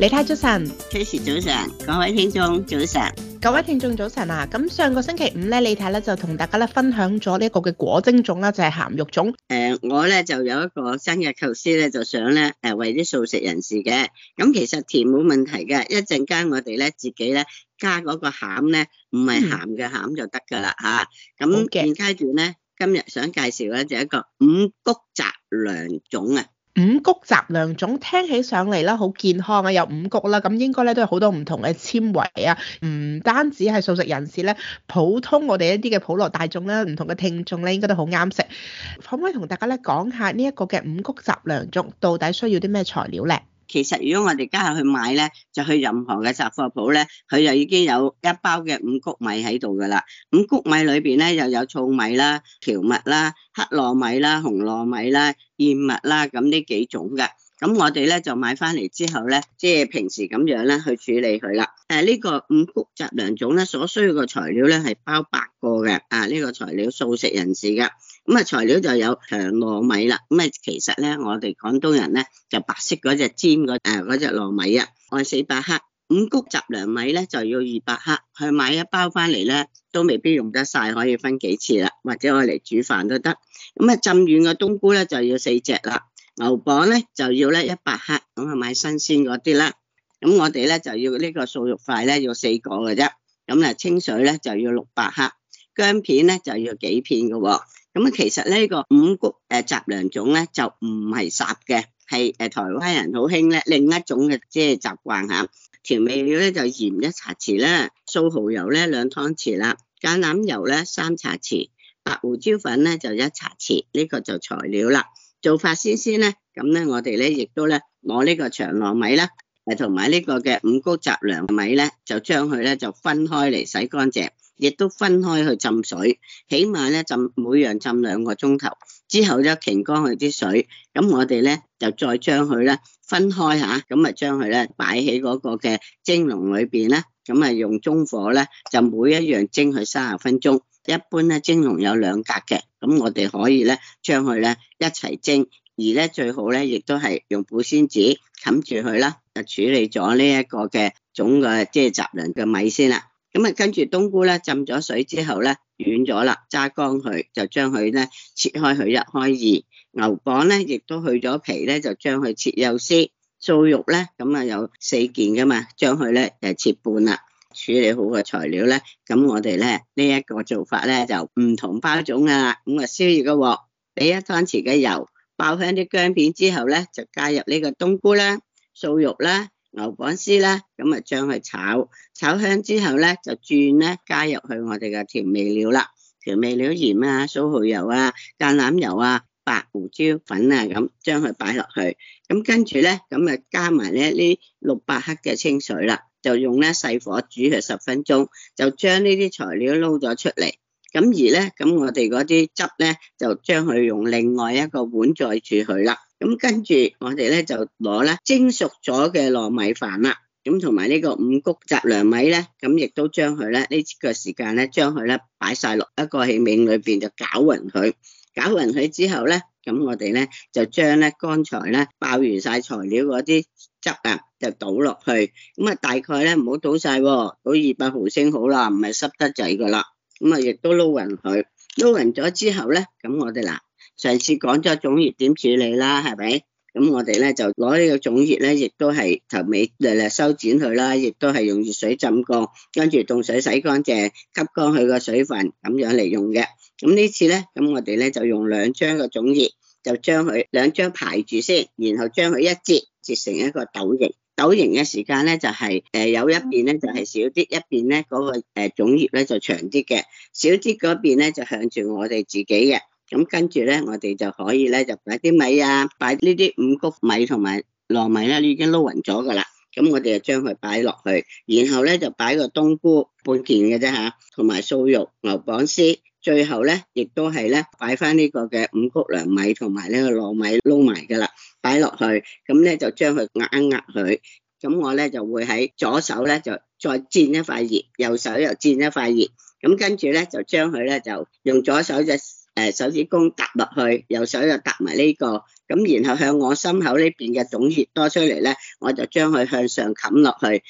李太早晨 k r 早晨，各位聽眾早晨，各位聽眾早晨啊！咁上個星期五咧，李太咧就同大家咧分享咗呢一個嘅果蒸粽啦，就係、是、鹹肉粽。誒、呃，我咧就有一個生日構思咧，就想咧誒為啲素食人士嘅。咁其實甜冇問題嘅，一陣間我哋咧自己咧加嗰個餡咧，唔係鹹嘅餡就得噶啦吓。咁現階段咧，今日想介紹咧就一個五穀雜糧粽啊。五穀雜糧粥聽起上嚟啦，好健康啊，有五穀啦，咁應該咧都有好多唔同嘅纖維啊，唔單止係素食人士咧，普通我哋一啲嘅普羅大眾咧，唔同嘅聽眾咧，應該都好啱食。可唔可以同大家咧講下呢一個嘅五穀雜糧粥到底需要啲咩材料咧？其實如果我哋家下去買咧，就去任何嘅雜貨鋪咧，佢就已經有一包嘅五穀米喺度噶啦。五穀米裏邊咧，又有糙米啦、蕎麥啦、黑糯米啦、紅糯米啦、燕麥啦，咁呢幾種嘅。咁我哋咧就買翻嚟之後咧，即係平時咁樣咧去處理佢啦。誒、啊，呢個五穀雜糧種咧，所需要嘅材料咧係包八個嘅。啊，呢個材料素食人士嘅。咁啊，材料就有長糯米啦。咁啊，其實咧，我哋廣東人咧就白色嗰隻尖嗰誒隻糯米啊，愛四百克，五谷雜糧米咧就要二百克。去買一包翻嚟咧，都未必用得晒，可以分幾次啦，或者我嚟煮飯都得。咁、嗯、啊，浸軟嘅冬菇咧就要四隻啦，牛蒡咧就要咧一百克，咁啊買新鮮嗰啲啦。咁、嗯、我哋咧就要呢個素肉塊咧要四個嘅啫，咁、嗯、啊，清水咧就要六百克，薑片咧就要幾片嘅、哦。咁其實呢個五穀誒雜糧種咧就唔係雜嘅，係誒台灣人好興呢另一種嘅即係習慣吓調味料呢，就鹽一茶匙啦，素蠔油呢兩湯匙啦，橄欖油呢三茶匙，白胡椒粉呢就一茶匙，呢、呢個就材料啦。做法先先呢。咁呢，我哋呢亦都呢攞呢個長糯米啦，同埋呢個嘅五穀雜糧米呢，就將佢呢就分開嚟洗乾淨。亦都分開去浸水，起碼咧，浸每樣浸兩個鐘頭，之後咧，瀝乾佢啲水，咁我哋咧，就再將佢咧分開吓，咁啊將佢咧擺喺嗰個嘅蒸籠裏邊咧，咁啊用中火咧，就每一樣蒸佢三十分鐘，一般咧蒸籠有兩格嘅，咁我哋可以咧將佢咧一齊蒸，而咧最好咧亦都係用保鮮紙冚住佢啦，就處理咗呢一個嘅總嘅，即係雜糧嘅米先啦。咁啊，跟住冬菇咧浸咗水之後咧軟咗啦，揸乾佢就將佢咧切開佢一開二，牛蒡咧亦都去咗皮咧就將佢切幼絲，素肉咧咁啊有四件噶嘛，將佢咧就切半啦，處理好個材料咧，咁我哋咧呢一個做法咧就唔同包種啊，咁啊燒熱個鑊，俾一湯匙嘅油，爆香啲薑片之後咧就加入呢個冬菇啦、素肉啦。牛蒡絲咧，咁啊將佢炒，炒香之後咧就轉咧加入去我哋嘅調味料啦，調味料鹽啊、蘇蠔油啊、橄欖油啊、白胡椒粉啊咁將佢擺落去，咁跟住咧咁啊加埋咧呢六百克嘅清水啦，就用咧細火煮佢十分鐘，就將呢啲材料撈咗出嚟，咁而咧咁我哋嗰啲汁咧就將佢用另外一個碗再煮佢啦。咁跟住，我哋咧就攞咧蒸熟咗嘅糯米飯啦，咁同埋呢個五穀雜糧米咧，咁亦都將佢咧呢個時間咧將佢咧擺晒落一個器皿裏邊就攪勻佢，攪勻佢之後咧，咁我哋咧就將咧剛才咧爆完晒材料嗰啲汁啊，就倒落去，咁啊大概咧唔好倒晒喎，倒二百毫升好啦，唔係濕得滯噶啦，咁啊亦都撈勻佢，撈勻咗之後咧，咁我哋嗱。上次講咗種葉點處理啦，係咪？咁我哋咧就攞呢個種葉咧，亦都係頭尾略略修剪佢啦，亦都係用熱水浸過，跟住凍水洗乾淨，吸乾佢個水分咁樣嚟用嘅。咁呢次咧，咁我哋咧就用兩張個種葉，就將佢兩張排住先，然後將佢一折，折成一個斗形。斗形嘅時間咧就係、是、誒有一邊咧就係少啲，一邊咧嗰、那個誒種葉咧就長啲嘅。少啲嗰邊咧就向住我哋自己嘅。咁跟住咧，我哋就可以咧，就擺啲米啊，擺呢啲五穀米同埋糯米咧，已經撈勻咗噶啦。咁我哋就將佢擺落去，然後咧就擺個冬菇半件嘅啫嚇，同埋素肉牛蒡絲，最後咧亦都係咧擺翻呢，呢個嘅五穀糧米同埋呢個糯米撈埋噶啦，擺落去，咁咧就將佢壓一壓佢。咁我咧就會喺左手咧就再煎一塊葉，右手又煎一塊葉。咁跟住咧就將佢咧就用左手就。誒，手指公搭落去，右手又搭埋呢個，咁然後向我心口呢邊嘅粽葉多出嚟咧，我就將佢向上冚落去。誒、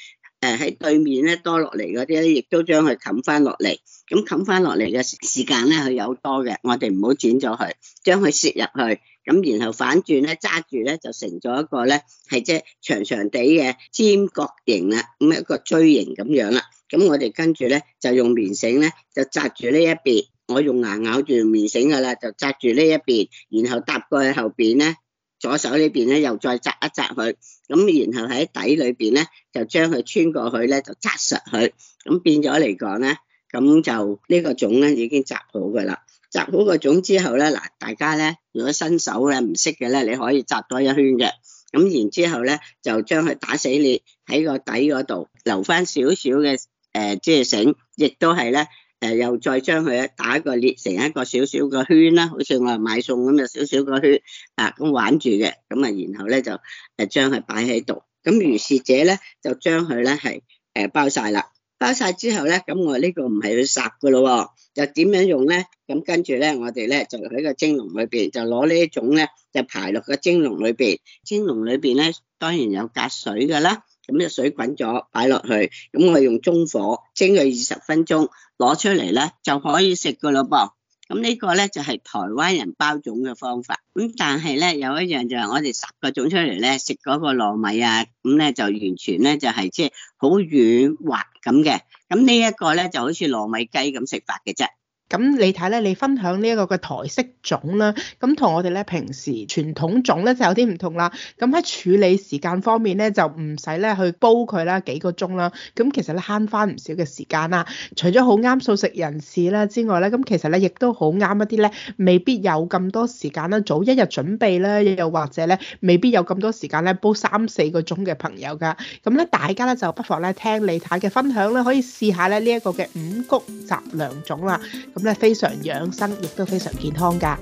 呃，喺對面咧多落嚟嗰啲咧，亦都將佢冚翻落嚟。咁冚翻落嚟嘅時間咧，佢有多嘅，我哋唔好剪咗佢，將佢攝入去。咁然後反轉咧，揸住咧就成咗一個咧係即係長長哋嘅尖角形啦，咁一個錐形咁樣啦。咁我哋跟住咧就用棉繩咧就紮住呢一邊。我用牙咬住棉繩噶啦，就紮住呢一邊，然後搭過去後邊咧，左手邊呢邊咧又再紮一紮佢，咁然後喺底裏邊咧就將佢穿過去咧就紮實佢，咁變咗嚟講咧，咁就呢個種咧已經紮好噶啦。紮好個種之後咧，嗱，大家咧如果新手咧唔識嘅咧，你可以紮多一圈嘅，咁然之後咧就將佢打死你喺個底嗰度留翻少少嘅，誒，即係繩，亦都係咧。誒，又再將佢咧打一個裂成一個小小個圈啦，好似我買餸咁有小小個圈啊咁玩住嘅，咁啊然後咧就誒將佢擺喺度，咁如是者咧就將佢咧係誒包晒啦。包晒之後咧，咁我呢個唔係去烚噶咯，就點樣用咧？咁跟住咧，我哋咧就喺個蒸籠裏邊就攞呢種咧，就排落個蒸籠裏邊。蒸籠裏邊咧，當然有隔水噶啦。咁個水滾咗，擺落去，咁我用中火蒸佢二十分鐘，攞出嚟咧就可以食噶咯噃。咁呢個咧就係台灣人包粽嘅方法，咁但係咧有一樣就係我哋十個種出嚟咧食嗰個糯米啊，咁咧就完全咧就係即係好軟滑咁嘅，咁呢一個咧就好似糯米雞咁食法嘅啫。咁李太咧，你，你分享呢一個嘅台式粽啦，咁同我哋咧平時傳統粽咧就有啲唔同啦。咁喺處理時間方面咧，就唔使咧去煲佢啦幾個鐘啦。咁其實咧慳翻唔少嘅時間啦。除咗好啱素食人士啦之外咧，咁其實咧亦都好啱一啲咧未必有咁多時間啦，早一日準備啦，又或者咧未必有咁多時間咧煲三四個鐘嘅朋友噶。咁咧大家咧就不妨咧聽李太嘅分享啦，可以試下咧呢一個嘅五穀雜糧粽啦。非常養生，亦都非常健康㗎。